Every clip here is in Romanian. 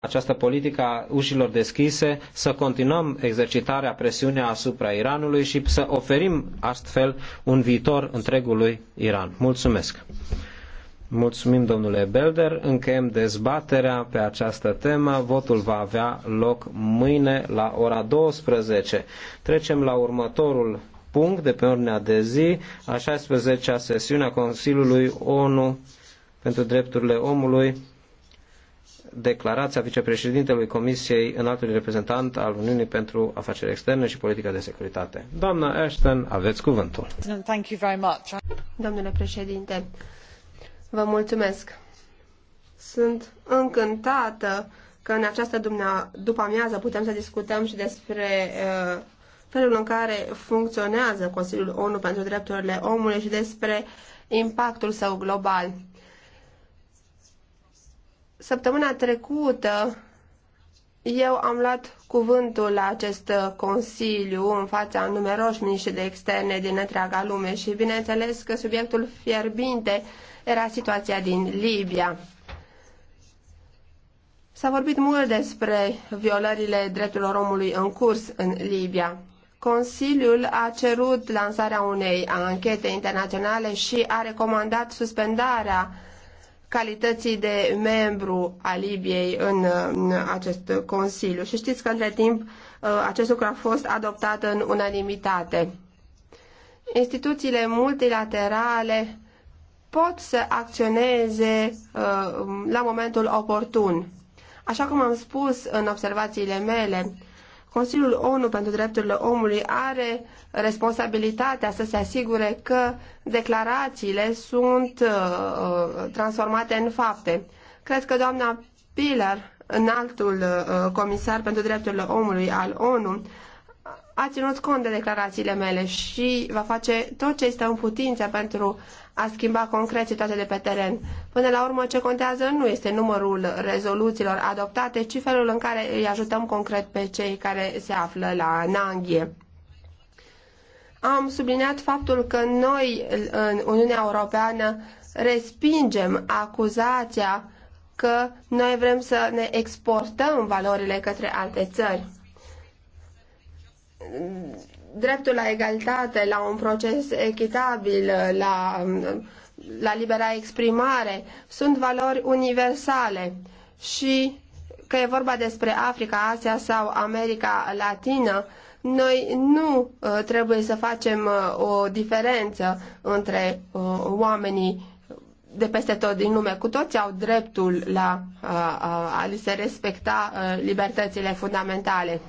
această politică a ușilor deschise, să continuăm exercitarea presiunii asupra Iranului și să oferim astfel un viitor întregului Iran. Mulțumesc! Mulțumim, domnule Belder. Încheiem dezbaterea pe această temă. Votul va avea loc mâine la ora 12. Trecem la următorul punct de pe ordinea de zi, a 16-a sesiune a Consiliului ONU pentru drepturile omului declarația vicepreședintelui Comisiei Înaltului Reprezentant al Uniunii pentru Afaceri Externe și Politica de Securitate. Doamna Ashton, aveți cuvântul. Thank you very much. Domnule președinte, vă mulțumesc. Sunt încântată că în această după amiază putem să discutăm și despre uh, felul în care funcționează Consiliul ONU pentru Drepturile Omului și despre impactul său global. Săptămâna trecută eu am luat cuvântul la acest consiliu în fața numeroși miniștri de externe din întreaga lume și bineînțeles că subiectul fierbinte era situația din Libia. S-a vorbit mult despre violările drepturilor omului în curs în Libia. Consiliul a cerut lansarea unei anchete internaționale și a recomandat suspendarea calității de membru a Libiei în, în acest Consiliu. Și știți că între timp uh, acest lucru a fost adoptat în unanimitate. Instituțiile multilaterale pot să acționeze uh, la momentul oportun. Așa cum am spus în observațiile mele, Consiliul ONU pentru Drepturile Omului are responsabilitatea să se asigure că declarațiile sunt uh, uh transformate în fapte. Cred că doamna Pilar, înaltul uh, comisar pentru drepturile omului al ONU, a ținut cont de declarațiile mele și va face tot ce este în putință pentru a schimba concret situația de pe teren. Până la urmă, ce contează nu este numărul rezoluțiilor adoptate, ci felul în care îi ajutăm concret pe cei care se află la nanghie. Am subliniat faptul că noi, în Uniunea Europeană, respingem acuzația că noi vrem să ne exportăm valorile către alte țări dreptul la egalitate, la un proces echitabil, la, la libera exprimare, sunt valori universale și că e vorba despre Africa, Asia sau America Latină, noi nu uh, trebuie să facem uh, o diferență între uh, oamenii de peste tot din lume. Cu toți au dreptul la a, a, a li se respecta libertățile fundamentale.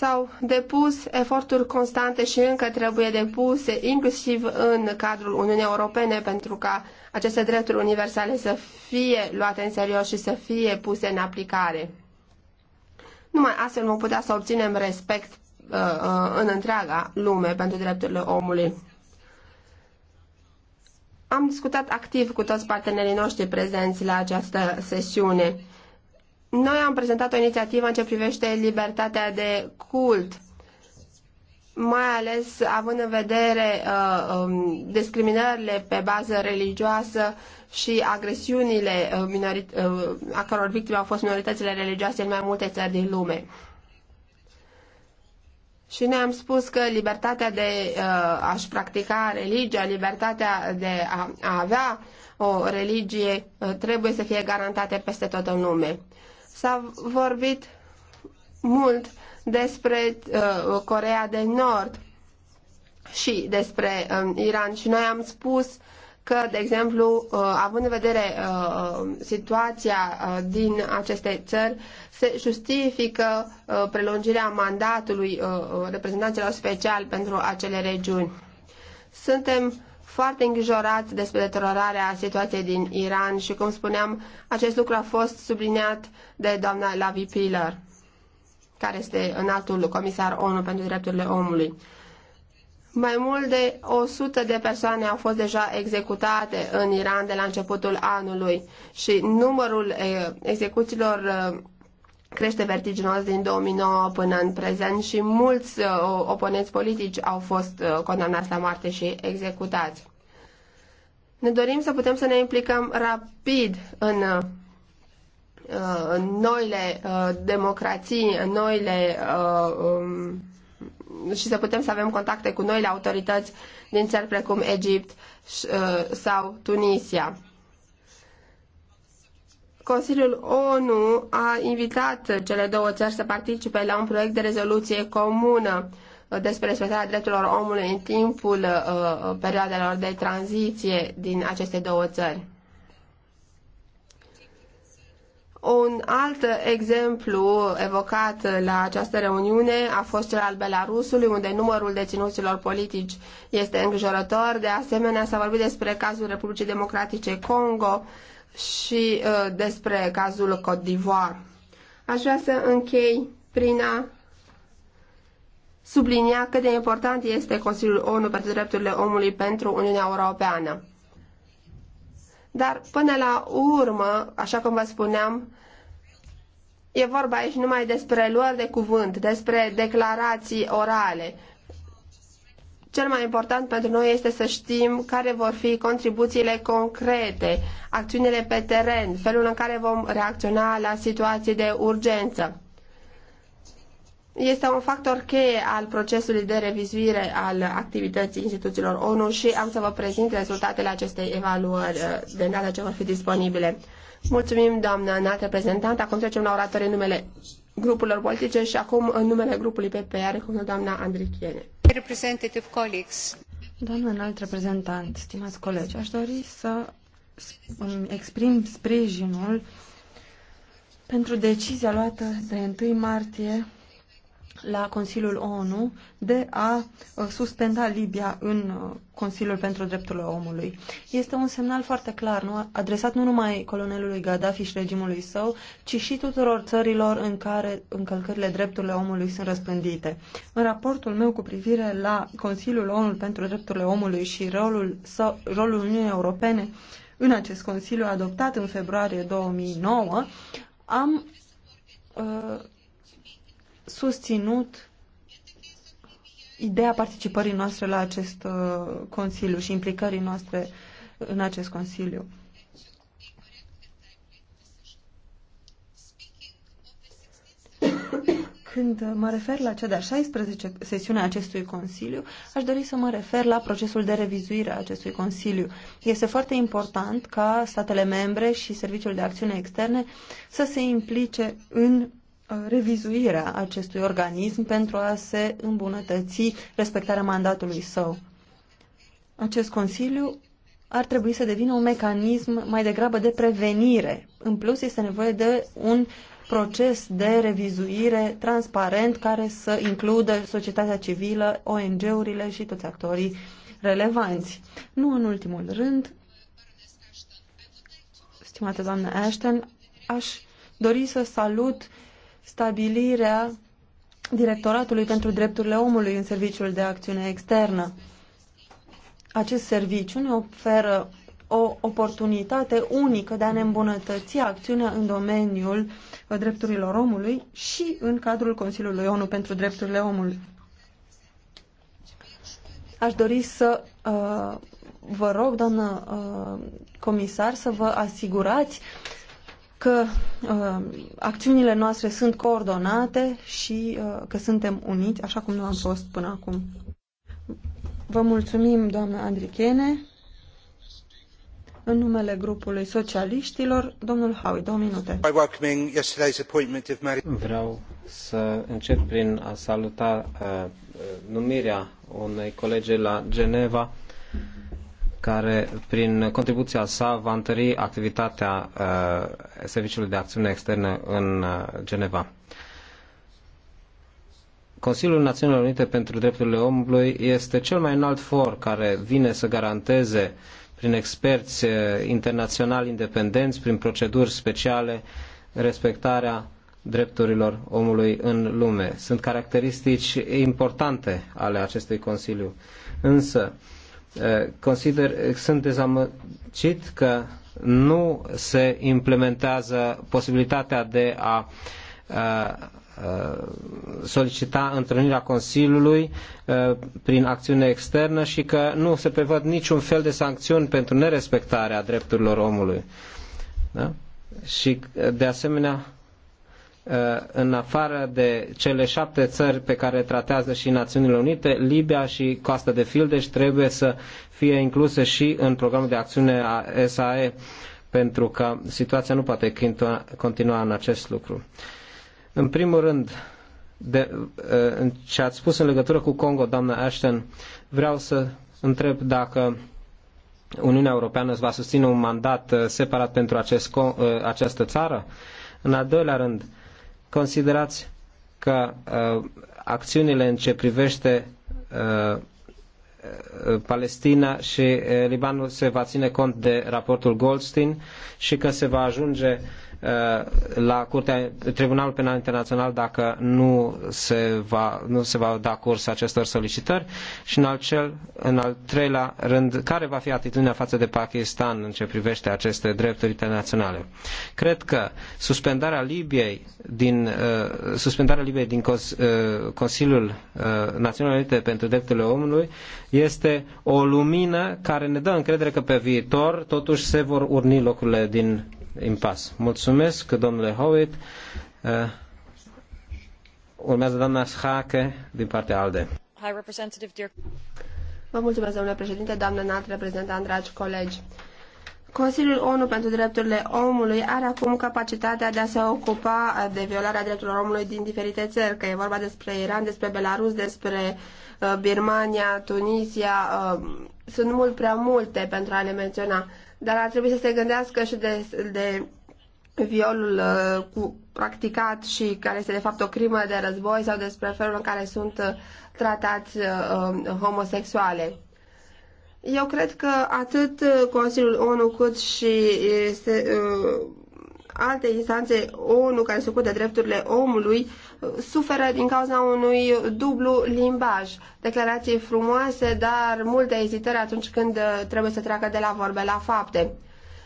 S-au depus eforturi constante și încă trebuie depuse, inclusiv în cadrul Uniunii Europene, pentru ca aceste drepturi universale să fie luate în serios și să fie puse în aplicare. Numai astfel vom putea să obținem respect uh, uh, în întreaga lume pentru drepturile omului. Am discutat activ cu toți partenerii noștri prezenți la această sesiune noi am prezentat o inițiativă în ce privește libertatea de cult, mai ales având în vedere uh, um, discriminările pe bază religioasă și agresiunile uh, uh, a căror victime au fost minoritățile religioase în mai multe țări din lume. Și ne-am spus că libertatea de uh, a-și practica religia, libertatea de a, a avea o religie uh, trebuie să fie garantate peste tot în lume. S-a vorbit mult despre uh, Corea de Nord și despre uh, Iran și noi am spus că, de exemplu, uh, având în vedere uh, uh situația uh, din aceste țări, se justifică uh, prelungirea mandatului uh, reprezentanților special pentru acele regiuni. Suntem foarte îngrijorați despre deteriorarea situației din Iran și, cum spuneam, acest lucru a fost subliniat de doamna Lavi Piller, care este înaltul comisar ONU pentru drepturile omului. Mai mult de 100 de persoane au fost deja executate în Iran de la începutul anului și numărul eh, execuțiilor eh, crește vertiginos din 2009 până în prezent și mulți eh, oponenți politici au fost condamnați la moarte și executați. Ne dorim să putem să ne implicăm rapid în uh, noile uh, democrații, în noile uh, um, și să putem să avem contacte cu noile autorități din țări precum Egipt sau Tunisia. Consiliul ONU a invitat cele două țări să participe la un proiect de rezoluție comună despre respectarea drepturilor omului în timpul uh, uh, perioadelor de tranziție din aceste două țări. Un alt exemplu evocat la această reuniune a fost cel al Belarusului, unde numărul deținuților politici este îngrijorător. De asemenea, s-a vorbit despre cazul Republicii Democratice Congo și uh, despre cazul Côte d'Ivoire. Aș vrea să închei prin a sublinia cât de important este Consiliul ONU pentru drepturile omului pentru Uniunea Europeană. Dar până la urmă, așa cum vă spuneam, e vorba aici numai despre luări de cuvânt, despre declarații orale. Cel mai important pentru noi este să știm care vor fi contribuțiile concrete, acțiunile pe teren, felul în care vom reacționa la situații de urgență este un factor cheie al procesului de revizuire al activității instituțiilor ONU și am să vă prezint rezultatele acestei evaluări uh, de îndată ce vor fi disponibile. Mulțumim, doamna înalt reprezentant. Acum trecem la oratorii în numele grupurilor politice și acum în numele grupului PPR, cum doamna Andrichiene. Representative colleagues. Doamna înalt reprezentant, stimați colegi, aș dori să îmi exprim sprijinul pentru decizia luată de 1 martie la Consiliul ONU de a uh, suspenda Libia în uh, Consiliul pentru Drepturile Omului. Este un semnal foarte clar, nu? adresat nu numai colonelului Gaddafi și regimului său, ci și tuturor țărilor în care încălcările drepturile omului sunt răspândite. În raportul meu cu privire la Consiliul ONU pentru Drepturile Omului și rolul, său, rolul Uniunii Europene în acest Consiliu adoptat în februarie 2009, am uh, susținut ideea participării noastre la acest uh, Consiliu și implicării noastre în acest Consiliu. Când mă refer la cea de-a 16 sesiune a acestui Consiliu, aș dori să mă refer la procesul de revizuire a acestui Consiliu. Este foarte important ca statele membre și Serviciul de Acțiune Externe să se implice în Uh, revizuirea acestui organism pentru a se îmbunătăți respectarea mandatului său. Acest Consiliu ar trebui să devină un mecanism mai degrabă de prevenire. În plus, este nevoie de un proces de revizuire transparent care să includă societatea civilă, ONG-urile și toți actorii relevanți. Nu în ultimul rând, stimată doamnă Ashton, aș dori să salut stabilirea Directoratului pentru Drepturile Omului în Serviciul de Acțiune Externă. Acest serviciu ne oferă o oportunitate unică de a ne îmbunătăți acțiunea în domeniul drepturilor omului și în cadrul Consiliului ONU pentru Drepturile Omului. Aș dori să uh, vă rog, doamnă uh, comisar, să vă asigurați că uh, acțiunile noastre sunt coordonate și uh, că suntem uniți, așa cum nu am fost până acum. Vă mulțumim, doamna Andrichene. În numele grupului socialiștilor, domnul Howie, două minute. Vreau să încep prin a saluta uh, uh numirea unei colege la Geneva care prin contribuția sa va întări activitatea uh, Serviciului de Acțiune Externă în uh, Geneva. Consiliul Națiunilor Unite pentru Drepturile Omului este cel mai înalt for care vine să garanteze prin experți uh, internaționali independenți, prin proceduri speciale, respectarea drepturilor omului în lume. Sunt caracteristici importante ale acestui Consiliu. Însă, Eh, consider, eh, sunt dezamăgit că nu se implementează posibilitatea de a eh, solicita întâlnirea Consiliului prin acțiune externă și că nu se prevăd niciun fel de sancțiuni pentru nerespectarea drepturilor omului. Da? Și de asemenea Uh, în afară de cele șapte țări pe care tratează și Națiunile Unite, Libia și Coasta de Fildeș trebuie să fie incluse și în programul de acțiune a SAE, pentru că situația nu poate continua în acest lucru. În primul rând, de, uh, ce ați spus în legătură cu Congo, doamnă Ashton, vreau să întreb dacă Uniunea Europeană îți va susține un mandat uh, separat pentru acest, această țară. În al doilea rând, uh, Considerați că uh, acțiunile în ce privește uh, uh Palestina și uh, Libanul se va ține cont de raportul Goldstein și că se va ajunge uh, Uh, la Curtea Tribunalul Penal Internațional dacă nu se va, nu se va da curs acestor solicitări și în al, cel, în al treilea rând, care va fi atitudinea față de Pakistan în ce privește aceste drepturi internaționale. Cred că suspendarea Libiei din, uh, suspendarea Libiei din cons, uh, Consiliul uh, Național Unite pentru Drepturile Omului este o lumină care ne dă încredere că pe viitor totuși se vor urni locurile din impas. Mulțumesc, domnule Howitt. Uh, urmează doamna Schake din partea ALDE. High representative, dear... Vă mulțumesc, domnule președinte, doamnă înalt reprezentant, dragi colegi. Consiliul ONU pentru Drepturile Omului are acum capacitatea de a se ocupa de violarea drepturilor omului din diferite țări, că e vorba despre Iran, despre Belarus, despre uh, Birmania, Tunisia, uh, sunt mult prea multe pentru a le menționa dar ar trebui să se gândească și de, de violul uh, cu, practicat și care este de fapt o crimă de război sau despre felul în care sunt uh, tratați uh, um, homosexuale. Eu cred că atât uh, Consiliul ONU cât și este, uh, alte instanțe ONU care se ocupă de drepturile omului suferă din cauza unui dublu limbaj. Declarații frumoase, dar multe ezitări atunci când uh, trebuie să treacă de la vorbe la fapte.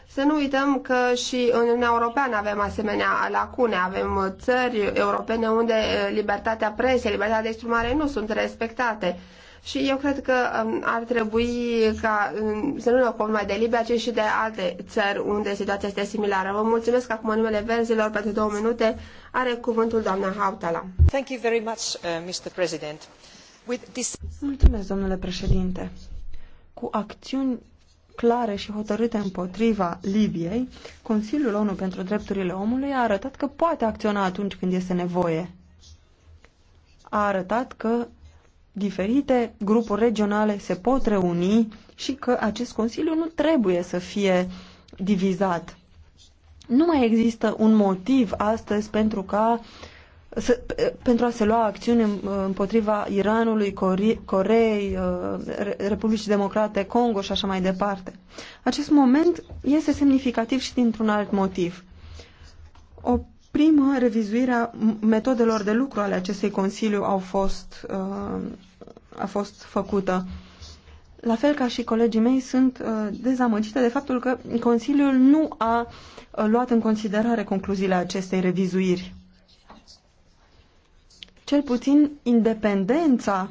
Să nu uităm că și în Uniunea Europeană avem asemenea lacune, avem uh, țări europene unde uh, libertatea presei, libertatea de exprimare nu sunt respectate și eu cred că um, ar trebui ca um, să nu ne ocupăm numai de Libia, ci și de alte țări unde situația este similară. Vă mulțumesc acum în numele verzilor pentru două minute. Are cuvântul doamna Hautala. Thank you very much, uh, Mr. President. With this... Mulțumesc, domnule președinte. Cu acțiuni clare și hotărâte împotriva Libiei, Consiliul ONU pentru Drepturile Omului a arătat că poate acționa atunci când este nevoie. A arătat că diferite grupuri regionale se pot reuni și că acest Consiliu nu trebuie să fie divizat. Nu mai există un motiv astăzi pentru ca să, pentru a se lua acțiune împotriva Iranului, Corei, uh, Republicii Democrate, Congo și așa mai departe. Acest moment este semnificativ și dintr-un alt motiv. O prima revizuire a metodelor de lucru ale acestui Consiliu au fost, uh, a fost făcută. La fel ca și colegii mei, sunt uh, dezamăgită de faptul că Consiliul nu a uh, luat în considerare concluziile acestei revizuiri. Cel puțin independența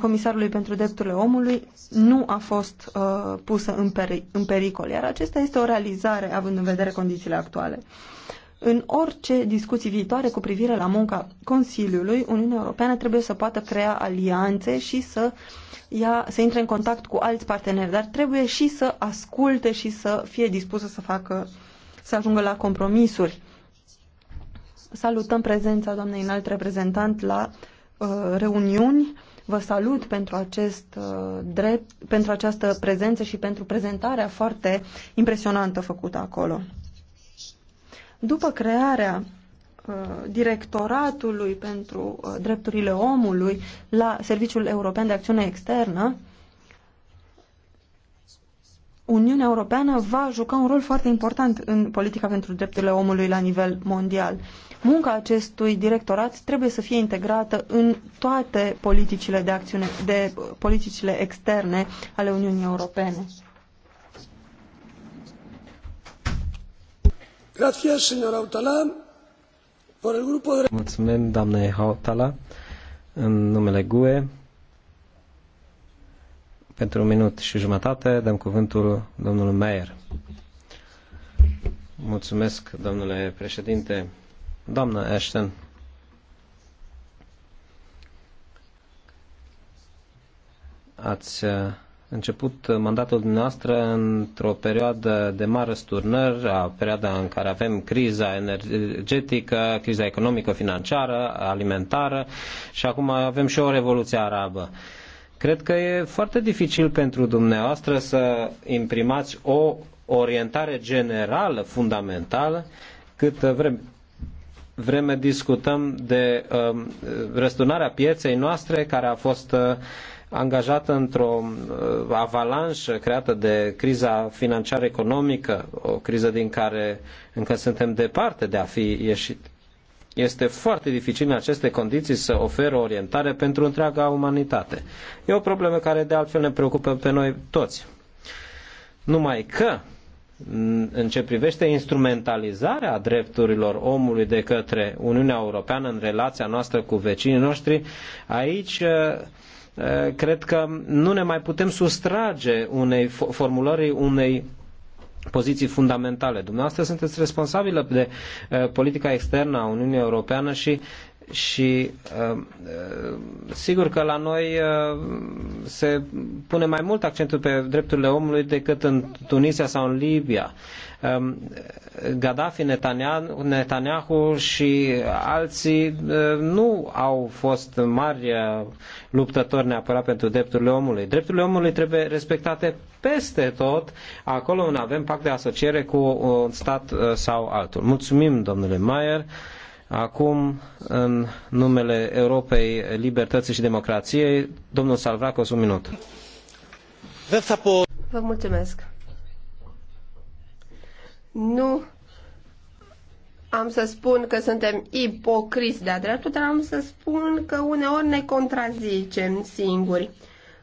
Comisarului pentru Drepturile Omului nu a fost uh, pusă în, peri în pericol, iar acesta este o realizare având în vedere condițiile actuale. În orice discuții viitoare cu privire la munca Consiliului, Uniunea Europeană trebuie să poată crea alianțe și să, ia, să intre în contact cu alți parteneri, dar trebuie și să asculte și să fie dispusă să facă, să ajungă la compromisuri. Salutăm prezența doamnei înalt reprezentant la uh, reuniuni. Vă salut pentru, acest, uh, drept, pentru această prezență și pentru prezentarea foarte impresionantă făcută acolo. După crearea uh, directoratului pentru uh, drepturile omului la Serviciul European de Acțiune Externă, Uniunea Europeană va juca un rol foarte important în politica pentru drepturile omului la nivel mondial. Munca acestui directorat trebuie să fie integrată în toate politicile de acțiune, de uh, politicile externe ale Uniunii Europene. Mulțumim, doamne Hautala, în numele GUE. Pentru un minut și jumătate dăm cuvântul domnului Meyer. Mulțumesc, domnule președinte. Doamnă Ashton, ați uh, început mandatul dumneavoastră într-o perioadă de mare sturnări, a perioada în care avem criza energetică, criza economică, financiară, alimentară și acum avem și o revoluție arabă. Cred că e foarte dificil pentru dumneavoastră să imprimați o orientare generală, fundamentală, cât uh, vrem, vreme discutăm de um, uh, răsturnarea pieței noastre care a fost uh, angajată într-o uh, avalanșă creată de criza financiară economică, o criză din care încă suntem departe de a fi ieșit. Este foarte dificil în aceste condiții să oferă orientare pentru întreaga umanitate. E o problemă care de altfel ne preocupă pe noi toți. Numai că în ce privește instrumentalizarea drepturilor omului de către Uniunea Europeană în relația noastră cu vecinii noștri, aici uh, Eh, cred că nu ne mai putem sustrage unei formulării unei poziții fundamentale. Dumneavoastră sunteți responsabilă de eh, politica externă a Uniunii Europeană și și uh, uh, sigur că la noi uh, se pune mai mult accentul pe drepturile omului decât în Tunisia sau în Libia. Um, Gaddafi, Netanyahu, Netanyahu și alții nu au fost mari luptători neapărat pentru drepturile omului. Drepturile omului trebuie respectate peste tot, acolo unde avem pact de asociere cu un stat sau altul. Mulțumim, domnule Mayer. Acum, în numele Europei Libertății și Democrației, domnul Salvracos, un minut. Vă mulțumesc. Nu am să spun că suntem ipocriți de-a dreptul, dar am să spun că uneori ne contrazicem singuri.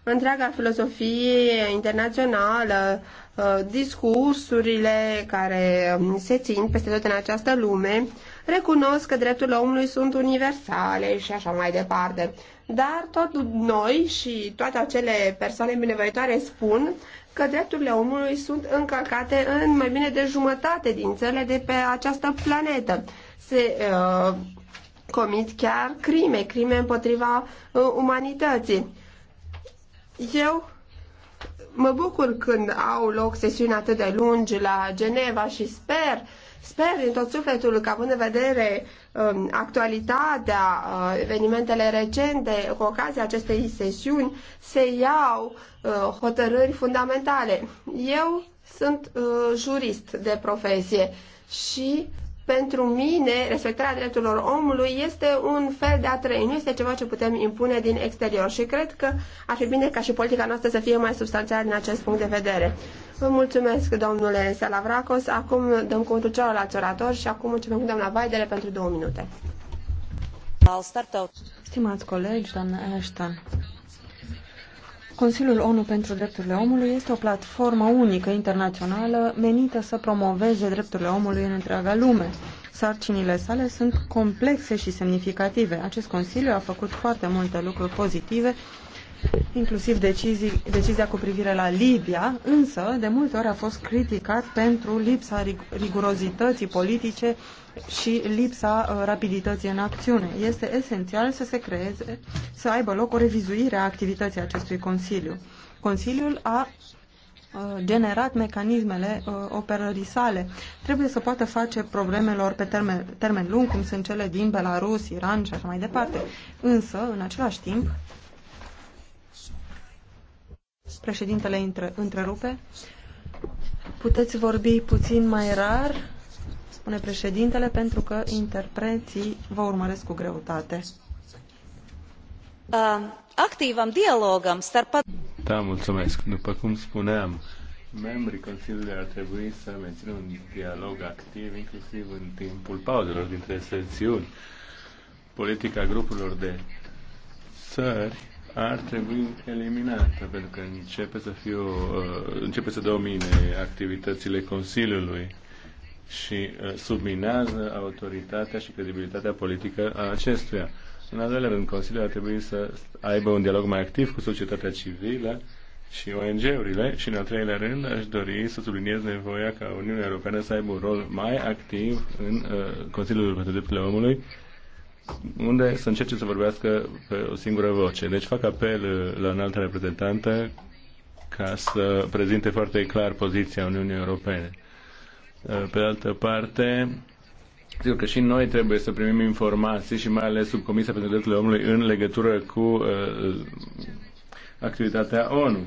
Întreaga filozofie internațională, uh, discursurile care um, se țin peste tot în această lume, recunosc că drepturile omului sunt universale și așa mai departe. Dar tot noi și toate acele persoane binevoitoare spun că drepturile omului sunt încălcate în mai bine de jumătate din țările de pe această planetă. Se uh, comit chiar crime, crime împotriva uh, umanității. Eu mă bucur când au loc sesiuni atât de lungi la Geneva și sper uh, Sper din tot sufletul că, având în vedere um, actualitatea, uh, evenimentele recente, cu ocazia acestei sesiuni, se iau uh, hotărâri fundamentale. Eu sunt uh, jurist de profesie și pentru mine, respectarea drepturilor omului este un fel de a trăi, nu este ceva ce putem impune din exterior și cred că ar fi bine ca și politica noastră să fie mai substanțială din acest punct de vedere. Vă mulțumesc, domnule Salavracos. Acum dăm cuvântul celorlalți oratori și acum începem cu doamna Vaidele pentru două minute. Stimați colegi, doamna Ashton, Consiliul ONU pentru Drepturile Omului este o platformă unică internațională menită să promoveze drepturile omului în întreaga lume. Sarcinile sale sunt complexe și semnificative. Acest Consiliu a făcut foarte multe lucruri pozitive inclusiv decizii, decizia cu privire la Libia, însă de multe ori a fost criticat pentru lipsa rigurozității politice și lipsa uh, rapidității în acțiune. Este esențial să se creeze, să aibă loc o revizuire a activității acestui Consiliu. Consiliul a uh, generat mecanismele uh, operării sale. Trebuie să poată face problemelor pe termen, termen lung, cum sunt cele din Belarus, Iran și așa mai departe. Însă, în același timp, Președintele intre, întrerupe. Puteți vorbi puțin mai rar, spune președintele, pentru că interpreții vă urmăresc cu greutate. Uh, activam dialogam starpa... Da, mulțumesc. După cum spuneam, membrii Consiliului ar trebui să mențină un dialog activ, inclusiv în timpul pauzelor dintre sesiuni. Politica grupurilor de țări ar trebui eliminată, pentru că începe să, fie o, uh, începe să domine activitățile Consiliului și uh, subminează autoritatea și credibilitatea politică a acestuia. În al doilea rând, Consiliul ar trebui să aibă un dialog mai activ cu societatea civilă și ONG-urile și, în al treilea rând, aș dori să subliniez nevoia ca Uniunea Europeană să aibă un rol mai activ în uh, Consiliul pentru Drepturile Omului unde să încerce să vorbească pe o singură voce. Deci fac apel uh, la înaltă reprezentantă ca să prezinte foarte clar poziția Uniunii Europene. Uh, pe de altă parte, zic că și noi trebuie să primim informații și mai ales sub Comisia pentru Drepturile Omului în legătură cu uh, activitatea ONU.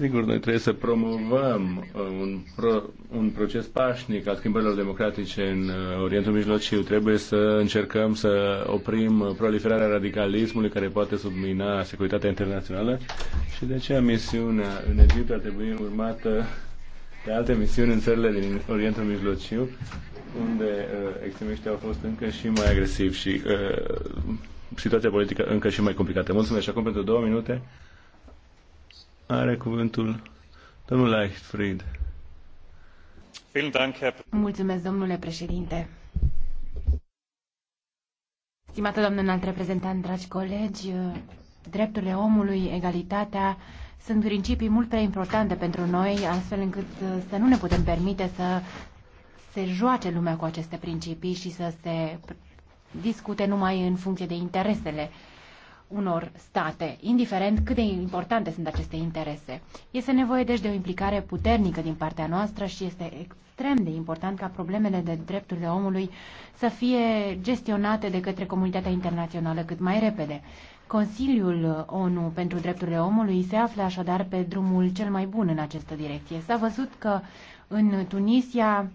Sigur, noi trebuie să promovăm uh, un, pro, un proces pașnic al schimbărilor democratice în uh, Orientul Mijlociu. Trebuie să încercăm să oprim proliferarea radicalismului care poate submina securitatea internațională și de aceea misiunea în Egipt ar trebui urmată de alte misiuni în țările din Orientul Mijlociu, unde uh, extremiștii au fost încă și mai agresivi și uh, situația politică încă și mai complicată. Mulțumesc și acum pentru două minute. Are cuvântul domnul Leichtfried. Mulțumesc, domnule președinte. Stimată doamnă înalt reprezentant, dragi colegi, drepturile omului, egalitatea sunt principii mult prea importante pentru noi, astfel încât să nu ne putem permite să se joace lumea cu aceste principii și să se discute numai în funcție de interesele uh, unor state, indiferent cât de importante sunt aceste interese. Este nevoie deci de o implicare puternică din partea noastră și este extrem de important ca problemele de drepturile omului să fie gestionate de către comunitatea internațională cât mai repede. Consiliul ONU pentru drepturile omului se află așadar pe drumul cel mai bun în această direcție. S-a văzut că în Tunisia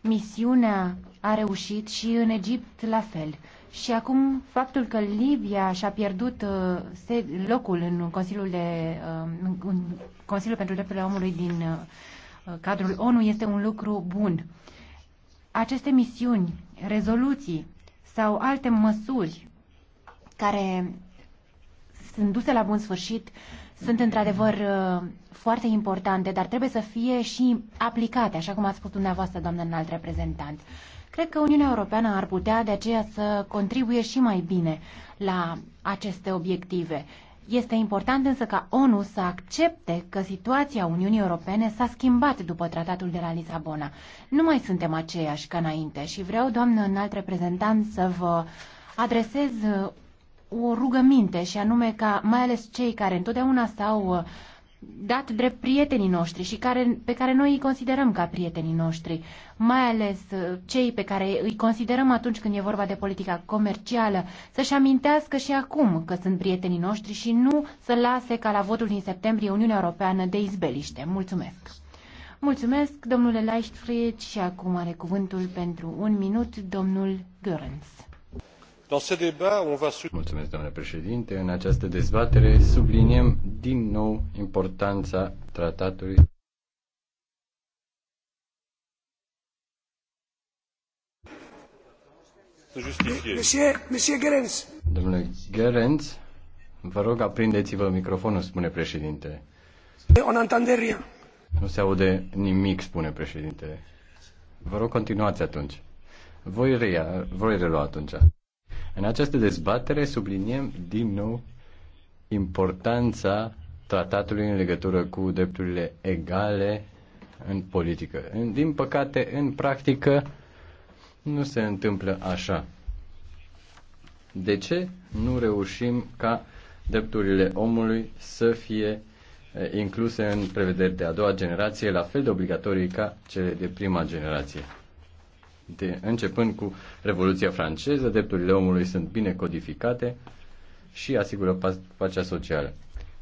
misiunea a reușit și în Egipt la fel. Și acum faptul că Libia și-a pierdut uh, locul în Consiliul, de, uh, în Consiliul pentru Drepturile Omului din uh, cadrul ONU este un lucru bun. Aceste misiuni, rezoluții sau alte măsuri care sunt duse la bun sfârșit sunt într-adevăr foarte importante, dar trebuie să fie și aplicate, așa cum ați spus dumneavoastră, doamnă înalt reprezentant. Cred că Uniunea Europeană ar putea de aceea să contribuie și mai bine la aceste obiective. Este important însă ca ONU să accepte că situația Uniunii Europene s-a schimbat după tratatul de la Lisabona. Nu mai suntem aceiași ca înainte și vreau, doamnă înalt reprezentant, să vă adresez o rugăminte și anume ca mai ales cei care întotdeauna s-au uh, dat drept prietenii noștri și care, pe care noi îi considerăm ca prietenii noștri, mai ales uh, cei pe care îi considerăm atunci când e vorba de politica comercială, să-și amintească și acum că sunt prietenii noștri și nu să lase ca la votul din septembrie Uniunea Europeană de izbeliște. Mulțumesc! Mulțumesc, domnule Leichtfried, și acum are cuvântul pentru un minut domnul Görens domnule președinte. În această dezbatere subliniem din nou importanța tratatului Domnule Gerenz, vă rog, aprindeți-vă microfonul, spune președinte. Nu se aude nimic, spune președinte. Vă rog, continuați atunci. Voi, reia, voi relua atunci. În această dezbatere subliniem din nou importanța tratatului în legătură cu drepturile egale în politică. Din păcate, în practică, nu se întâmplă așa. De ce nu reușim ca drepturile omului să fie incluse în prevederi de a doua generație, la fel de obligatorii ca cele de prima generație? de, începând cu Revoluția franceză, drepturile omului sunt bine codificate și asigură pacea socială.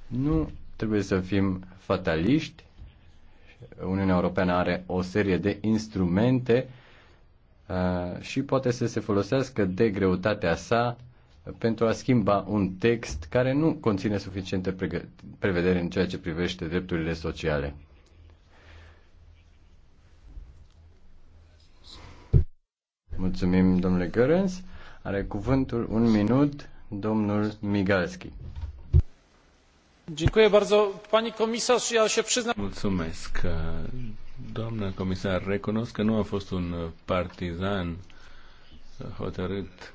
Nu trebuie să fim fataliști. Uniunea Europeană are o serie de instrumente uh, și poate să se folosească de greutatea sa pentru a schimba un text care nu conține suficiente prevedere în ceea ce privește drepturile sociale. Mulțumim, domnule Gărâns. Are cuvântul un minut domnul Migalski. Dziękuję bardzo. Pani komisarz, ja się przyznam... Mulțumesc. Doamnă comisar, recunosc că nu am fost un partizan hotărât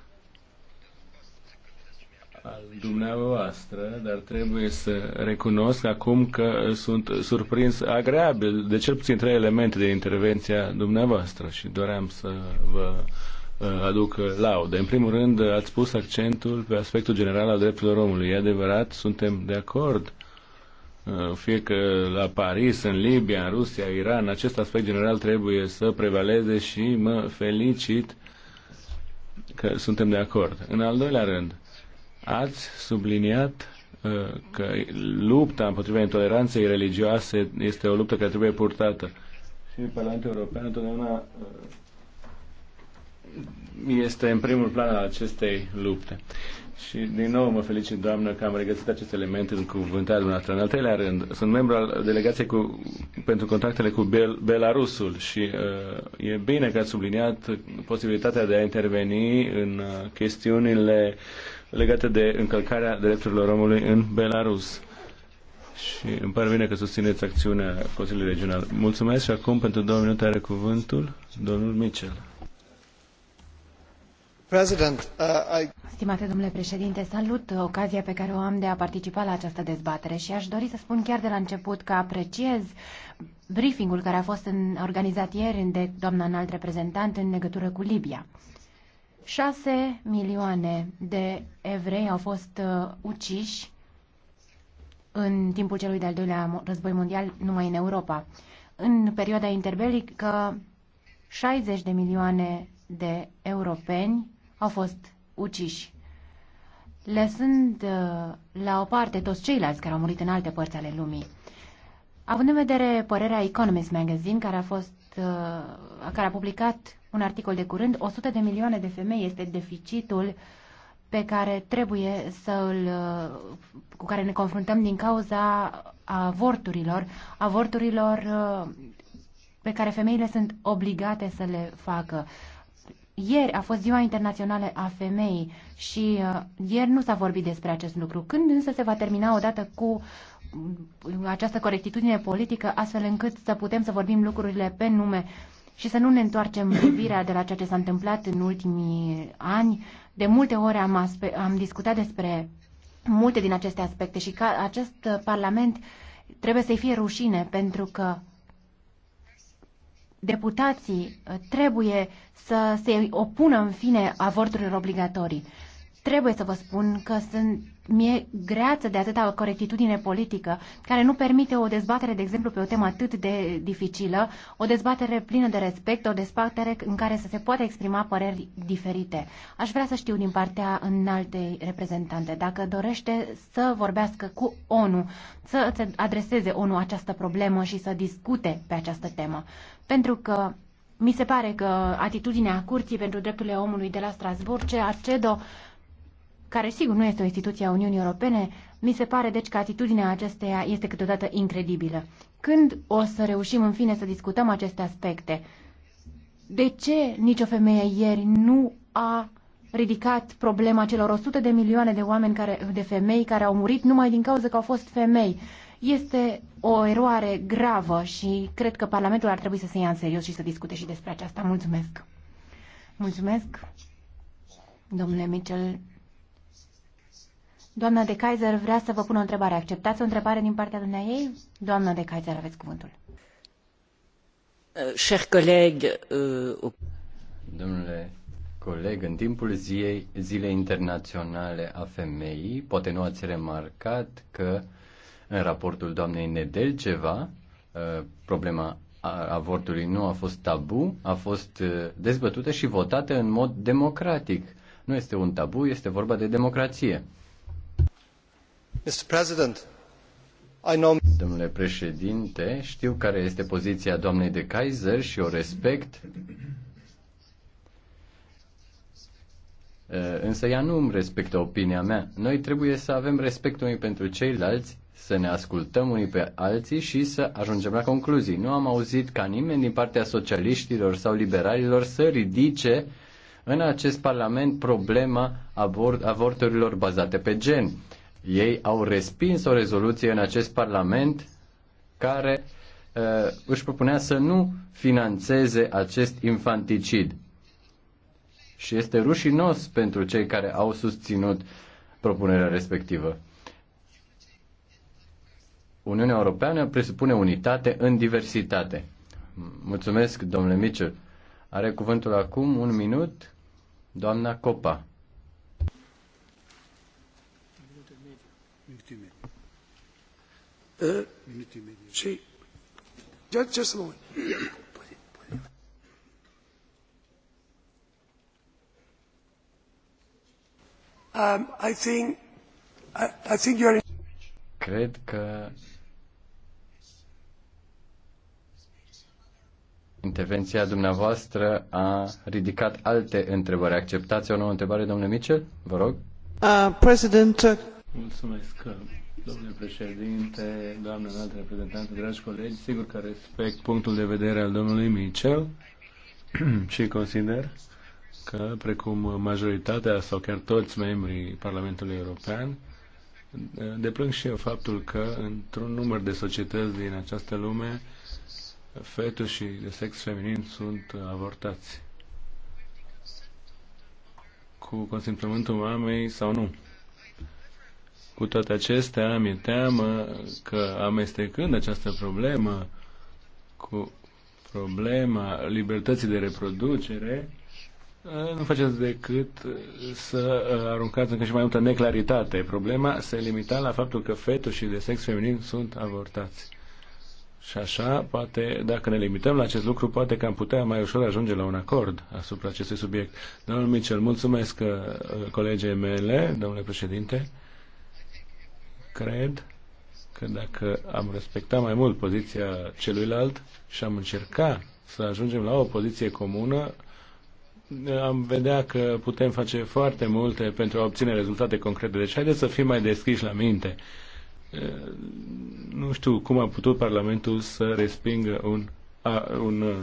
dumneavoastră, dar trebuie să recunosc acum că sunt surprins agreabil de cel puțin trei elemente de intervenția dumneavoastră și doream să vă uh, aduc laude. În primul rând, ați pus accentul pe aspectul general al drepturilor omului. E adevărat, suntem de acord uh, fie că la Paris, în Libia, în Rusia, Iran, acest aspect general trebuie să prevaleze și mă felicit că suntem de acord. În al doilea rând, Ați subliniat uh, că lupta împotriva intoleranței religioase este o luptă care trebuie purtată. Și Parlamentul European întotdeauna uh, este în primul plan al acestei lupte. Și din nou mă felicit, doamnă, că am regăsit aceste elemente în cuvântarea dumneavoastră. În al treilea rând, sunt membru al delegației cu, pentru contactele cu Bel, Belarusul și uh, e bine că ați subliniat posibilitatea de a interveni în uh, chestiunile uh, legate de încălcarea drepturilor omului în Belarus. Și îmi pare bine că susțineți acțiunea Consiliului Regional. Mulțumesc și acum pentru două minute are cuvântul domnul Mitchell. President, uh, I... Stimate domnule președinte, salut ocazia pe care o am de a participa la această dezbatere și aș dori să spun chiar de la început că apreciez briefingul care a fost în, organizat ieri de doamna înalt reprezentant în legătură cu Libia. 6 milioane de evrei au fost uh, uciși în timpul celui de-al doilea război mondial numai în Europa. În perioada interbelică, 60 de milioane de europeni au fost uciși, lăsând uh, la o parte toți ceilalți care au murit în alte părți ale lumii. Având în vedere părerea Economist Magazine, care a, fost, uh, care a publicat un articol de curând, 100 de milioane de femei este deficitul pe care trebuie să îl, cu care ne confruntăm din cauza avorturilor, avorturilor uh, pe care femeile sunt obligate să le facă. Ieri a fost Ziua Internațională a Femeii și uh, ieri nu s-a vorbit despre acest lucru. Când însă se va termina odată cu uh, această corectitudine politică, astfel încât să putem să vorbim lucrurile pe nume și să nu ne întoarcem privirea de la ceea ce s-a întâmplat în ultimii ani. De multe ori am, am discutat despre multe din aceste aspecte și ca acest Parlament trebuie să-i fie rușine pentru că deputații trebuie să se opună în fine avorturilor obligatorii. Trebuie să vă spun că sunt, mi-e greață de atâta corectitudine politică care nu permite o dezbatere, de exemplu, pe o temă atât de dificilă, o dezbatere plină de respect, o dezbatere în care să se poată exprima păreri diferite. Aș vrea să știu din partea înaltei reprezentante dacă dorește să vorbească cu ONU, să adreseze ONU această problemă și să discute pe această temă. Pentru că mi se pare că atitudinea Curții pentru Drepturile Omului de la Strasburg, CEDO, care sigur nu este o instituție a Uniunii Europene, mi se pare deci că atitudinea acesteia este câteodată incredibilă. Când o să reușim în fine să discutăm aceste aspecte? De ce nicio femeie ieri nu a ridicat problema celor 100 de milioane de oameni care, de femei care au murit numai din cauza că au fost femei? Este o eroare gravă și cred că Parlamentul ar trebui să se ia în serios și să discute și despre aceasta. Mulțumesc! Mulțumesc, domnule Mitchell. Doamna de Kaiser vrea să vă pună o întrebare. Acceptați o întrebare din partea dumneavoastră? Doamna de Kaiser, aveți cuvântul. Cher coleg, uh... uh Domnule coleg, în timpul zilei, zilei internaționale a femeii, poate nu ați remarcat că în raportul doamnei Nedelceva, uh, problema avortului nu a fost tabu, a fost uh, dezbătută și votată în mod democratic. Nu este un tabu, este vorba de democrație. Domnule președinte, știu care este poziția doamnei de keyser și o respect, eh, însă ea nu îmi respectă opinia mea. Noi trebuie să avem respect unii pentru ceilalți, să ne ascultăm unii pe alții și să ajungem la concluzii. Nu am auzit ca nimeni din partea socialiștilor sau liberalilor să ridice în acest parlament problema abort- avorturilor bazate pe gen ei au respins o rezoluție în acest Parlament care uh, își propunea să nu financeze acest infanticid. Și este rușinos pentru cei care au susținut propunerea respectivă. Uniunea Europeană presupune unitate în diversitate. Mulțumesc, domnule Mitchell. Are cuvântul acum un minut doamna Copa. Uh, sí. Just, just a I think, I, think you are... Cred că intervenția dumneavoastră a ridicat alte întrebări. Acceptați o nouă întrebare, domnule Mitchell? Vă rog. Uh, President... Uh, Mulțumesc. Domnule președinte, doamnă înalt reprezentantă, dragi colegi, sigur că respect punctul de vedere al domnului Michel și consider că, precum majoritatea sau chiar toți membrii Parlamentului European, deplâng și eu faptul că, într-un număr de societăți din această lume, fetul și de sex feminin sunt avortați cu consimțământul mamei sau nu. Cu toate acestea, mi-e teamă că amestecând această problemă cu problema libertății de reproducere, nu faceți decât să uh, aruncați încă și mai multă neclaritate. Problema se limita la faptul că și de sex feminin sunt avortați. Și așa, poate, dacă ne limităm la acest lucru, poate că am putea mai ușor ajunge la un acord asupra acestui subiect. Domnul Michel, mulțumesc uh, colegii mele, domnule președinte cred că dacă am respectat mai mult poziția celuilalt și am încercat să ajungem la o poziție comună, am vedea că putem face foarte multe pentru a obține rezultate concrete. Deci haideți să fim mai deschiși la minte. Nu știu cum a putut Parlamentul să respingă un, a, un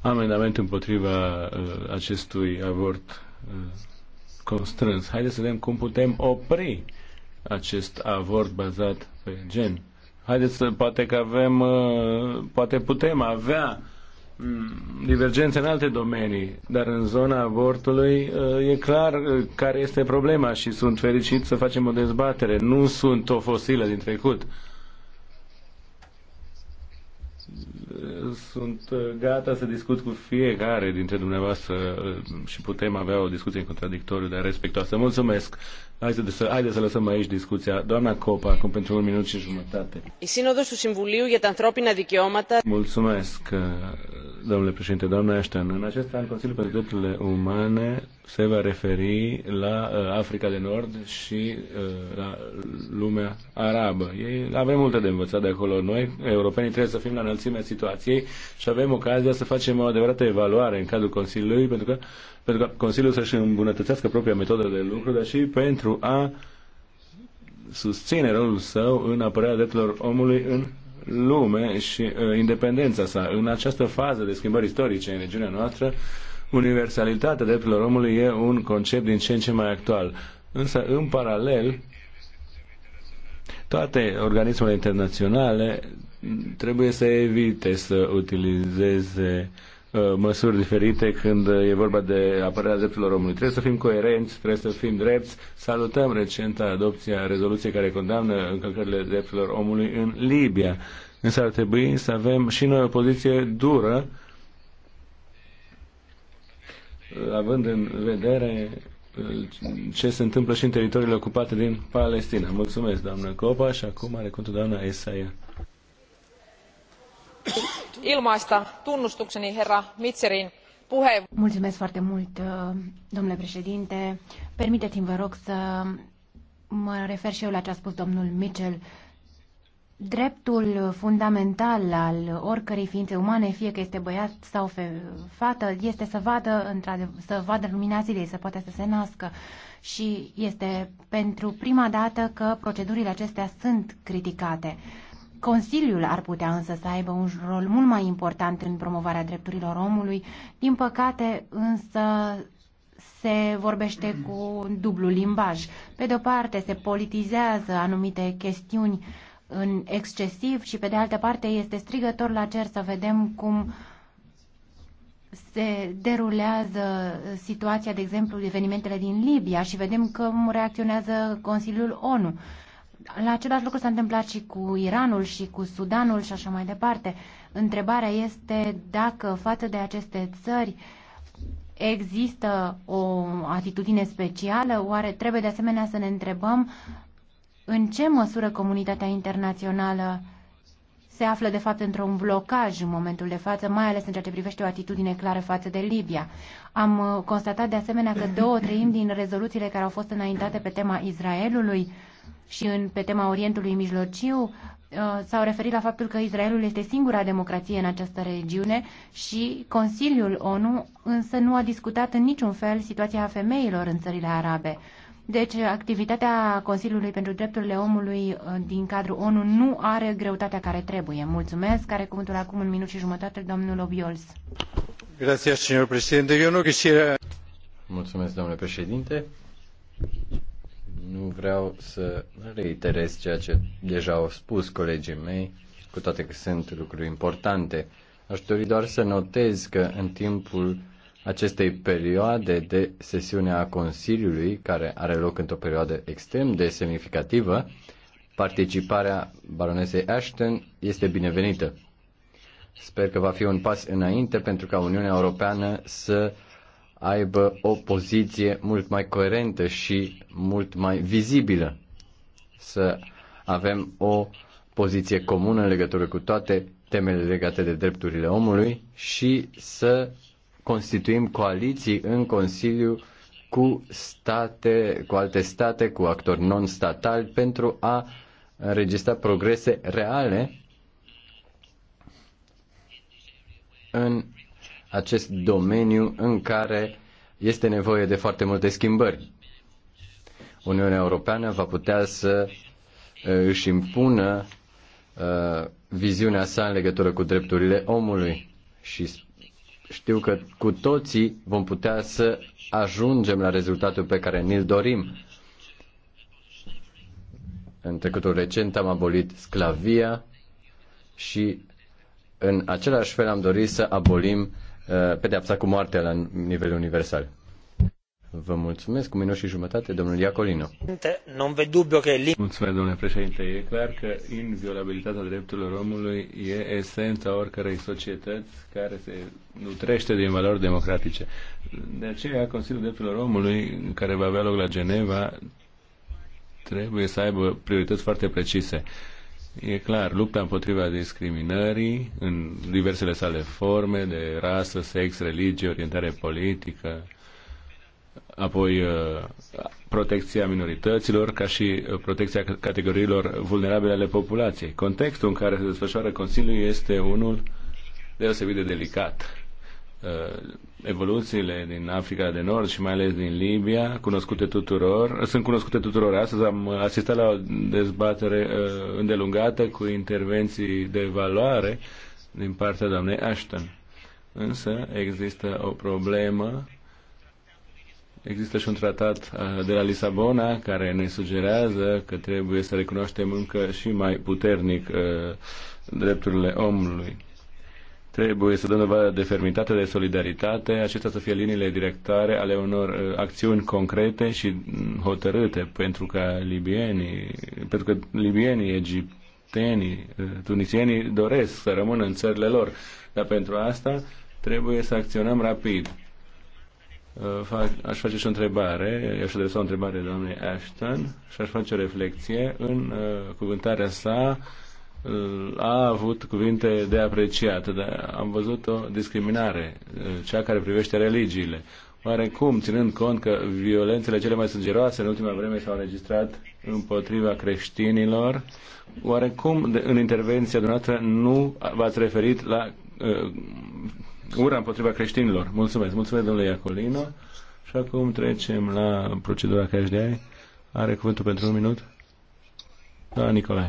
amendament împotriva acestui avort constrâns. Haideți să vedem cum putem opri uh, acest avort bazat pe gen. Haideți să, poate că avem, uh, poate putem avea mm, divergențe în alte domenii, dar în zona avortului uh, e clar uh, care este problema și sunt fericit să facem o dezbatere. Nu sunt o fosilă din trecut. Sunt gata să discut cu fiecare dintre dumneavoastră și putem avea o discuție în contradictoriu, dar respectoasă. Mulțumesc! Haideți să, haide să lăsăm aici discuția. Doamna Copa, acum pentru un minut și jumătate. Mulțumesc, uh, domnule președinte, doamna Ashton. În acest an, Consiliul pentru Drepturile Umane se va referi la uh, Africa de Nord și uh, la lumea arabă. Ei, avem multe de învățat de acolo. Noi, europenii, trebuie să fim la înălțimea situației și avem ocazia să facem o adevărată evaluare în cadrul Consiliului, pentru că pentru ca Consiliul să-și îmbunătățească propria metodă de lucru, dar și pentru a susține rolul său în apărarea drepturilor omului în lume și uh, independența sa. În această fază de schimbări istorice în regiunea noastră, universalitatea drepturilor omului e un concept din ce în ce mai actual. Însă, în paralel, toate organismele internaționale trebuie să evite să utilizeze Uh, măsuri diferite când uh, e vorba de apărarea drepturilor omului. Trebuie să fim coerenți, trebuie să fim drepți. Salutăm recenta adopția rezoluției care condamnă încălcările drepturilor omului în Libia. Însă ar trebui să avem și noi o poziție dură, uh, având în vedere ce se întâmplă și în teritoriile ocupate din Palestina. Mulțumesc, doamnă Copa, și acum are cuvântul doamna Esaia. ilmaista tunnustukseni herra mitchellin Mulțumesc foarte mult, uh, domnule președinte. Permiteți-mi, vă rog, să mă refer și eu la ce a spus domnul Mitchell. Dreptul fundamental al oricărei ființe umane, fie că este băiat sau fe- fată, este să vadă, să vadă lumina zilei, să poată să se nască. Și este pentru prima dată că procedurile acestea sunt criticate. Uh, Consiliul ar putea însă să aibă un rol mult mai important în promovarea drepturilor omului. Din păcate, însă, se vorbește cu dublu limbaj. Pe de o parte, se politizează anumite chestiuni în excesiv și, pe de altă parte, este strigător la cer să vedem cum se derulează situația, de exemplu, evenimentele din Libia și vedem cum reacționează Consiliul ONU. La același lucru s-a întâmplat și cu Iranul și cu Sudanul și așa mai departe. Întrebarea este dacă față de aceste țări există o atitudine specială, oare trebuie de asemenea să ne întrebăm în ce măsură comunitatea internațională se află de fapt într-un blocaj în momentul de față, mai ales în ceea ce privește o atitudine clară față de Libia. Am uh, constatat de asemenea că două treimi din rezoluțiile care au fost înaintate pe tema Israelului și în, pe tema Orientului Mijlociu uh, s-au referit la faptul că Israelul este singura democrație în această regiune și Consiliul ONU însă nu a discutat în niciun fel situația femeilor în țările arabe. Deci, activitatea Consiliului pentru Drepturile Omului uh, din cadrul ONU nu are greutatea care trebuie. Mulțumesc. Care cuvântul acum în minut și jumătate, domnul Obiols. Mulțumesc, domnule președinte. Nu vreau să reiterez ceea ce deja au spus colegii mei, cu toate că sunt lucruri importante. Aș dori doar să notez că în timpul acestei perioade de sesiune a Consiliului, care are loc într-o perioadă extrem de semnificativă, participarea baronesei Ashton este binevenită. Sper că va fi un pas înainte pentru ca Uniunea Europeană să aibă o poziție mult mai coerentă și mult mai vizibilă. Să avem o poziție comună în legătură cu toate temele legate de drepturile omului și să constituim coaliții în Consiliu cu state, cu alte state, cu actori non-statali pentru a înregistra progrese reale în acest domeniu în care este nevoie de foarte multe schimbări. Uniunea Europeană va putea să uh, își impună uh, viziunea sa în legătură cu drepturile omului și știu că cu toții vom putea să ajungem la rezultatul pe care ni-l dorim. În trecutul recent am abolit sclavia și în același fel am dorit să abolim Uh, pedeapsa cu moartea la nivel universal. Vă mulțumesc. Cu minut și jumătate, domnul Iacolino. Mulțumesc, domnule președinte. E clar că inviolabilitatea drepturilor omului e esența oricărei societăți care se nutrește din valori democratice. De aceea, Consiliul Drepturilor Omului, care va avea loc la Geneva, trebuie să aibă priorități foarte precise E clar, lupta împotriva discriminării în diversele sale forme de rasă, sex, religie, orientare politică, apoi uh, protecția minorităților ca și uh, protecția categoriilor vulnerabile ale populației. Contextul în care se desfășoară Consiliul este unul deosebit de delicat Uh, evoluțiile din Africa de Nord și mai ales din Libia, cunoscute tuturor, sunt cunoscute tuturor. Astăzi am asistat la o dezbatere uh, îndelungată cu intervenții de valoare din partea doamnei Ashton. Însă există o problemă Există și un tratat uh, de la Lisabona care ne sugerează că trebuie să recunoaștem încă și mai puternic drepturile omului. Trebuie să dăm dovadă de fermitate, de solidaritate, acestea să fie liniile directoare ale unor uh, acțiuni concrete și mm, hotărâte pentru ca libienii, pentru că libienii, egiptenii, uh, tunisienii doresc să rămână în țările lor. Dar pentru asta trebuie să acționăm rapid. Uh, aș face și o întrebare, aș adresa o întrebare doamnei Ashton și aș face o reflexie în cuvântarea sa a avut cuvinte de apreciat, dar am văzut o discriminare, cea care privește religiile. Oarecum, ținând cont că violențele cele mai sângeroase în ultima vreme s-au înregistrat împotriva creștinilor, oarecum de, în intervenția dumneavoastră nu v-ați referit la uh, ura împotriva creștinilor. Mulțumesc. Mulțumesc, domnule Iacolino. Și acum trecem la procedura cash de Are cuvântul pentru un minut? Da, Nicolae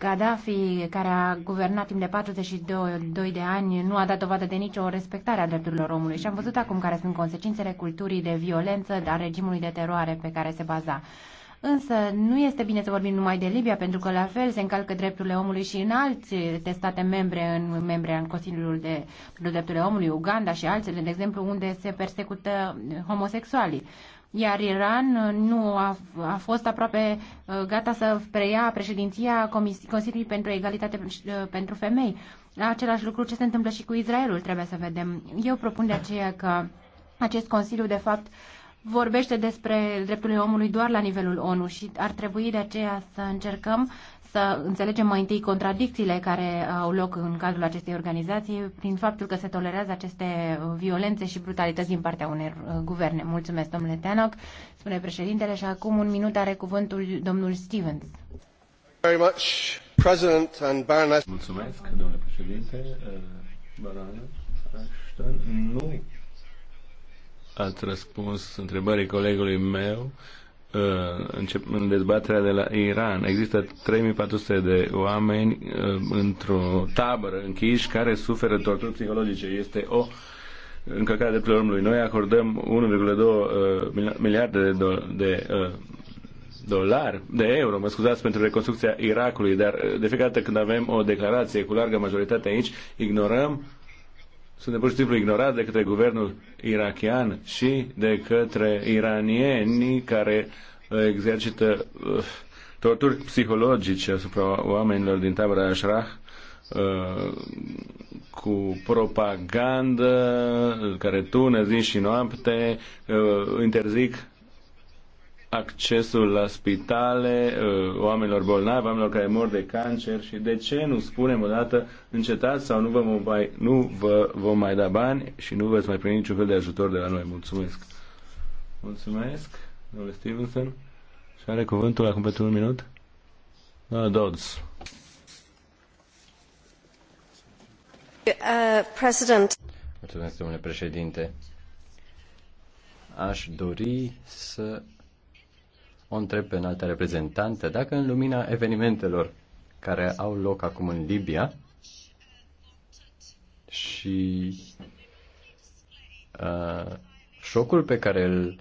Gaddafi, care a guvernat timp de 42 de ani, nu a dat dovadă de nicio respectare a drepturilor omului și am văzut acum care sunt consecințele culturii de violență a regimului de teroare pe care se baza. Însă nu este bine să vorbim numai de Libia, pentru că la fel se încalcă drepturile omului și în alte state membre, în membre în Consiliul de Drepturile Omului, Uganda și altele, de exemplu, unde se persecută homosexualii iar Iran uh, nu a, a fost aproape uh, gata să preia președinția Consiliului pentru Egalitate uh, pentru Femei. Același lucru ce se întâmplă și cu Israelul, trebuie să vedem. Eu propun de aceea că acest Consiliu, de fapt, vorbește despre drepturile omului doar la nivelul ONU și ar trebui de aceea să încercăm să înțelegem mai întâi contradicțiile care au loc în cadrul acestei organizații prin faptul că se tolerează aceste violențe și brutalități din partea unei uh, guverne. Mulțumesc, domnule Tenoc, spune președintele și acum un minut are cuvântul domnul Stevens. Very much, President and Baroness. Mulțumesc, domnule președinte. Uh, Baroness Ashton, nu ați răspuns întrebării colegului meu Uh, în dezbaterea de la Iran. Există 3400 de oameni uh, într-o tabără închiși care suferă torturi psihologice. Este o încălcare de drepturile omului. Noi acordăm 1,2 uh, miliarde de, do- de dolari, de euro, mă scuzați, pentru reconstrucția Irakului, dar de fiecare dată când avem o declarație cu largă majoritate aici, ignorăm uh, sunt de pur și simplu ignorat de către guvernul irachian și de către iranienii care uh, exercită uh, torturi psihologice asupra oamenilor din tabăra Ashraf uh, cu propagandă care tună zi și noapte, interzic accesul la spitale uh, oamenilor bolnavi, oamenilor care mor de cancer și de ce nu spunem odată încetați sau nu vă, mai, nu vă vom mai da bani și nu veți mai primi niciun fel de ajutor de la noi. Mulțumesc! Mulțumesc, domnule Stevenson. Și are cuvântul acum pentru un minut? Doamna Dodds. Uh, President. Mulțumesc, domnule președinte. Aș dori să o întreb pe înaltă reprezentantă dacă în lumina evenimentelor care au loc acum în Libia și uh, șocul pe care îl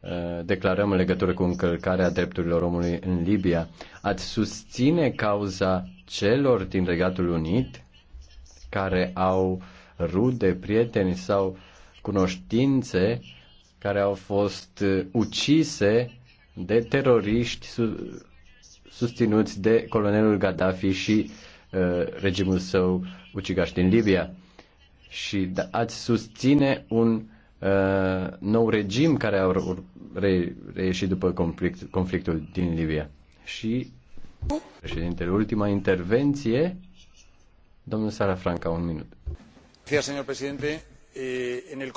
uh, declarăm în legătură cu încălcarea drepturilor omului în Libia, ați susține cauza celor din Regatul Unit care au rude, prieteni sau cunoștințe care au fost uh, ucise de teroriști susținuți de colonelul Gaddafi și uh, regimul său ucigaș din Libia. Și da, ați susține un uh, nou regim care a re- reieșit după conflict, conflictul din Libia. Și președintele, ultima intervenție, domnul Sara Franca, un minut. Gracias, señor presidente. Eh,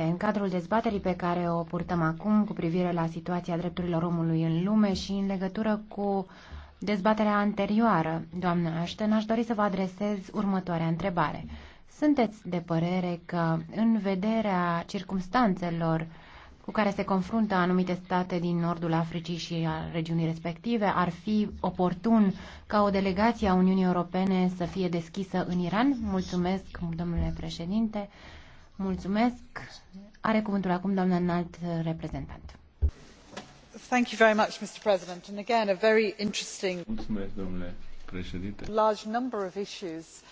în cadrul dezbaterii pe care o purtăm acum cu privire la situația drepturilor omului în lume și în legătură cu dezbaterea anterioară, doamnă Ashton, aș dori să vă adresez următoarea întrebare. Sunteți de părere că, în vederea circumstanțelor cu care se confruntă anumite state din nordul Africii și a regiunii respective, ar fi oportun ca o delegație a Uniunii Europene să fie deschisă în Iran? Mulțumesc, domnule președinte. Mulțumesc. Are cuvântul acum doamna înalt reprezentant. Thank you very much, Mr. President. And again, a very interesting... Mulțumesc, domnule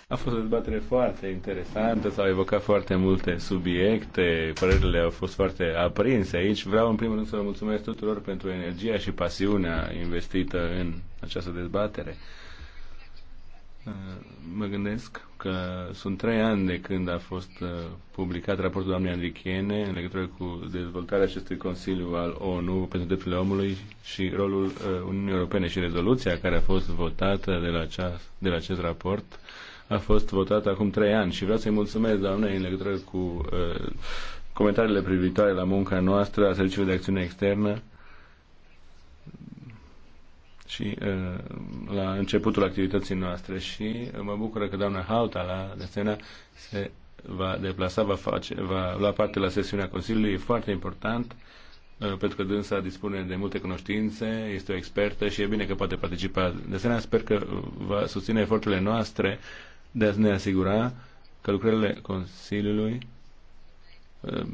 a fost o dezbatere foarte interesantă, s-au evocat foarte multe subiecte, părerile au fost foarte aprinse aici. Vreau în primul rând să vă mulțumesc tuturor pentru energia și pasiunea investită în această dezbatere. Mă gândesc că sunt trei ani de când a fost uh, publicat raportul doamnei Andrichiene în legătură cu dezvoltarea acestui Consiliu al ONU pentru drepturile omului și rolul uh, Uniunii Europene și rezoluția care a fost votată de la, acea, de la acest raport a fost votată acum trei ani și vreau să-i mulțumesc doamnei în legătură cu uh, comentariile privitoare la munca noastră a Serviciului de Acțiune Externă și uh, la începutul activității noastre și mă bucură că doamna Hautala, de asemenea, se va deplasa, va, face, va lua parte la sesiunea Consiliului, e foarte important uh, pentru că dânsa dispune de multe cunoștințe, este o expertă și e bine că poate participa. De asemenea, sper că va susține eforturile noastre de a ne asigura că lucrările Consiliului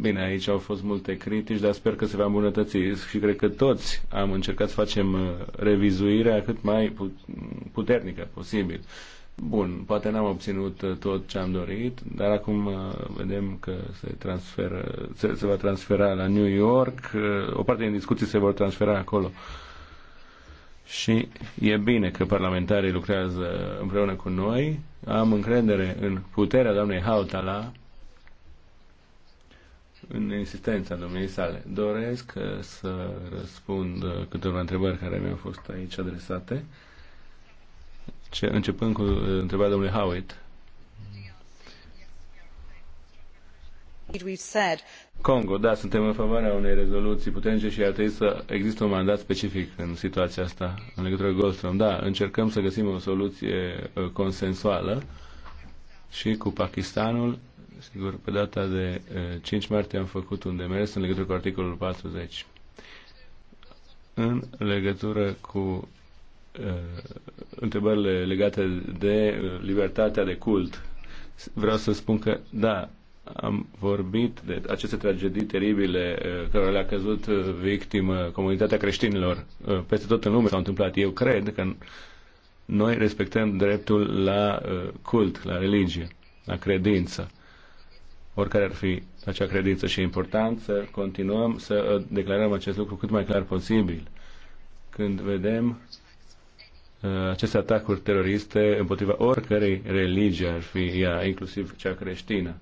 Bine, aici au fost multe critici, dar sper că se va îmbunătăți și cred că toți am încercat să facem uh, revizuirea cât mai puternică posibil. Bun, poate n-am obținut uh, tot ce am dorit, dar acum uh, vedem că se, transferă, se, se va transfera la New York, o parte din discuții se vor transfera acolo. Și e bine că parlamentarii lucrează împreună cu noi. Am încredere în puterea doamnei Hautala în insistența domniei sale. Doresc uh, să răspund uh, câteva întrebări care mi-au fost aici adresate. Ce, începând cu uh, întrebarea domnului Howitt. Congo, da, suntem în favoarea unei rezoluții puternice și ar trebui să există un mandat specific în situația asta, în legătură cu Goldstrom. Da, încercăm să găsim o soluție consensuală și cu Pakistanul Sigur, pe data de 5 eh, martie am făcut un demers în legătură cu articolul 40. În legătură cu eh, întrebările legate de eh, libertatea de cult, vreau să spun că, da, am vorbit de aceste tragedii teribile care le-a căzut victimă comunitatea creștinilor peste tot în lume s-au întâmplat. Eu cred că noi respectăm dreptul la cult, la religie, la credință oricare ar fi acea credință și e important să continuăm să uh, declarăm acest lucru cât mai clar posibil. Când vedem uh, aceste atacuri teroriste împotriva oricărei religii ar fi ea, inclusiv cea creștină.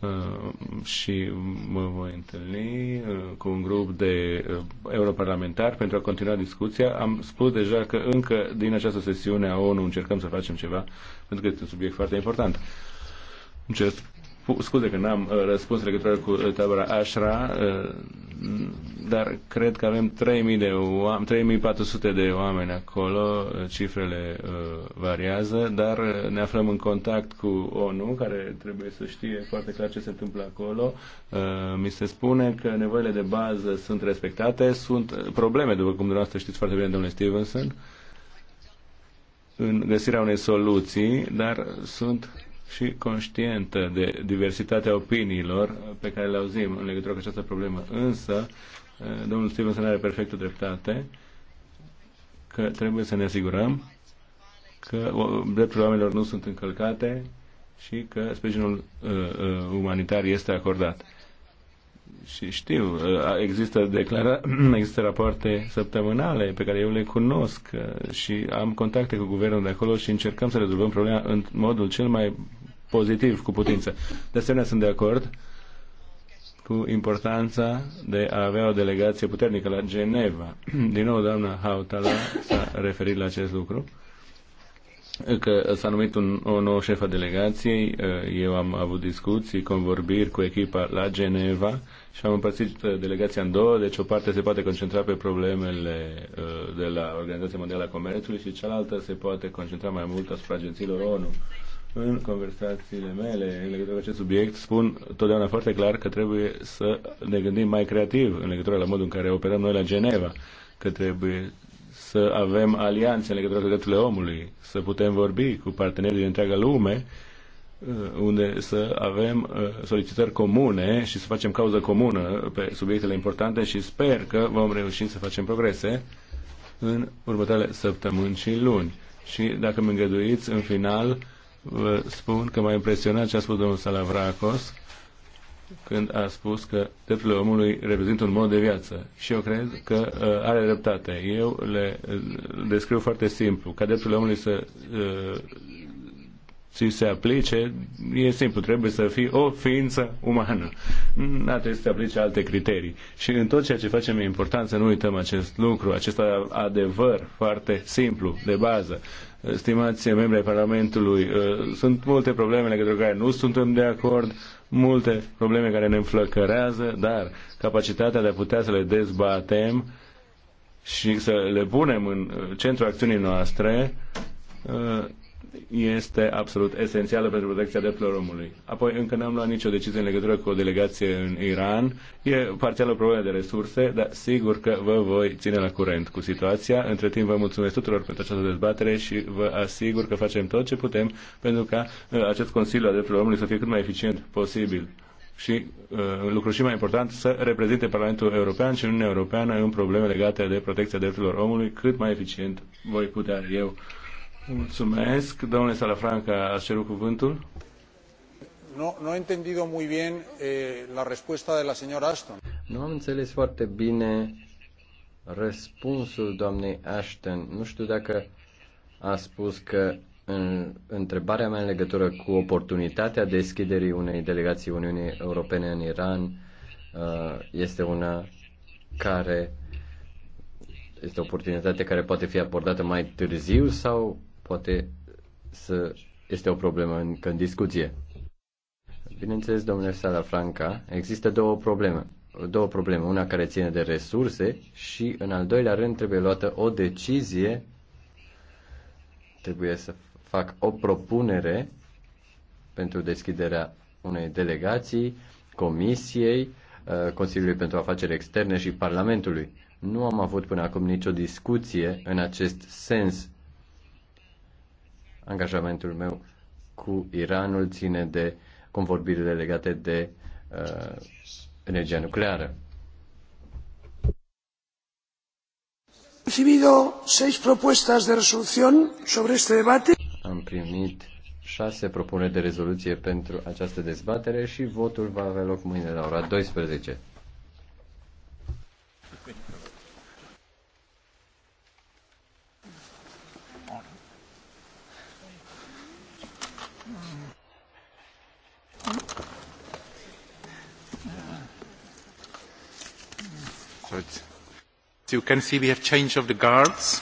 Uh, și mă voi întâlni cu un grup de europarlamentari pentru a continua discuția. Am spus deja că încă din această sesiune a ONU încercăm să facem ceva, pentru că este un subiect foarte important. Încerc Scuze că n-am uh, răspuns legătură cu uh, tabăra Ashra, uh, dar cred că avem 3.000 de oameni, 3400 de oameni acolo, cifrele variază, dar ne aflăm în contact cu ONU, care trebuie să știe foarte clar ce se întâmplă acolo. Mi se spune că nevoile de bază sunt respectate, sunt probleme, după cum dumneavoastră știți foarte bine, domnule Stevenson, în găsirea unei soluții, dar sunt și conștientă de diversitatea opiniilor pe care le auzim în legătură cu această problemă. Însă, domnul Stevenson are perfectă dreptate că trebuie să ne asigurăm că drepturile oamenilor nu sunt încălcate și că sprijinul uh, uh, umanitar este acordat. Și știu, uh, există, declara, există rapoarte săptămânale pe care eu le cunosc uh, și am contacte cu guvernul de acolo și încercăm să rezolvăm problema în modul cel mai pozitiv cu putință. De asemenea, sunt de acord cu importanța de a avea o delegație puternică la Geneva. Din nou, doamna Hautala s-a referit la acest lucru că s-a numit un, o nouă șefă delegației, eh, eu am avut discuții, convorbiri cu echipa la Geneva și am împărțit eh, delegația în două, deci o parte se poate concentra pe problemele eh, de la Organizația Mondială a Comerțului și cealaltă se poate concentra mai mult asupra agențiilor ONU. În conversațiile mele în legătură cu acest subiect spun totdeauna foarte clar că trebuie să ne gândim mai creativ în legătură la modul în care operăm noi la Geneva, că trebuie să avem alianțe în legătură cu drepturile omului, să putem vorbi cu partenerii din întreaga lume, uh, unde să avem uh, solicitări comune și să facem cauză comună pe subiectele importante și sper că vom reuși să facem progrese în următoarele săptămâni și luni. Și dacă mă îngăduiți, în final, vă spun că m-a impresionat ce a spus domnul Salavracos când a spus că drepturile omului reprezintă un mod de viață. Și eu cred că uh, are dreptate. Eu le uh, descriu foarte simplu. Ca drepturile omului să uh, ți se aplice, e simplu, trebuie să fii o ființă umană. Nu trebuie să se aplice alte criterii. Și în tot ceea ce facem e important să nu uităm acest lucru, acest adevăr foarte simplu, de bază stimați membri ai Parlamentului, uh, sunt multe probleme legătură care nu suntem de acord, multe probleme care ne înflăcărează, dar capacitatea de a putea să le dezbatem și să le punem în uh, centrul acțiunii noastre uh, este absolut esențială pentru protecția drepturilor omului. Apoi, încă n-am luat nicio decizie în legătură cu o delegație în Iran. E parțial o problemă de resurse, dar sigur că vă voi ține la curent cu situația. Între timp, vă mulțumesc tuturor pentru această dezbatere și vă asigur că facem tot ce putem pentru ca uh, acest Consiliu al Drepturilor Omului să fie cât mai eficient posibil și, uh, lucru și mai important, să reprezinte Parlamentul European și Uniunea Europeană în probleme legate de protecția drepturilor omului cât mai eficient voi putea eu. Mulțumesc. Domnule Salafranca, a cerut cuvântul. No, no he entendido muy bien eh, la respuesta de la señora Ashton. Nu am înțeles foarte bine răspunsul doamnei Ashton. Nu știu dacă a spus că în întrebarea mea în legătură cu oportunitatea deschiderii unei delegații Uniunii Europene în Iran uh, este una care este o oportunitate care poate fi abordată mai târziu sau poate să este o problemă încă în discuție. Bineînțeles, domnule Sala Franca, există două probleme. Două probleme, una care ține de resurse și, în al doilea rând, trebuie luată o decizie, trebuie să fac o propunere pentru deschiderea unei delegații, Comisiei, uh, Consiliului pentru Afaceri Externe și Parlamentului. Nu am avut până acum nicio discuție în acest sens angajamentul meu cu Iranul ține de convorbirile legate de uh, energia nucleară. Am primit șase propuneri de rezoluție pentru această dezbatere și votul va avea loc mâine la ora 12. So you can see we have change of the guards.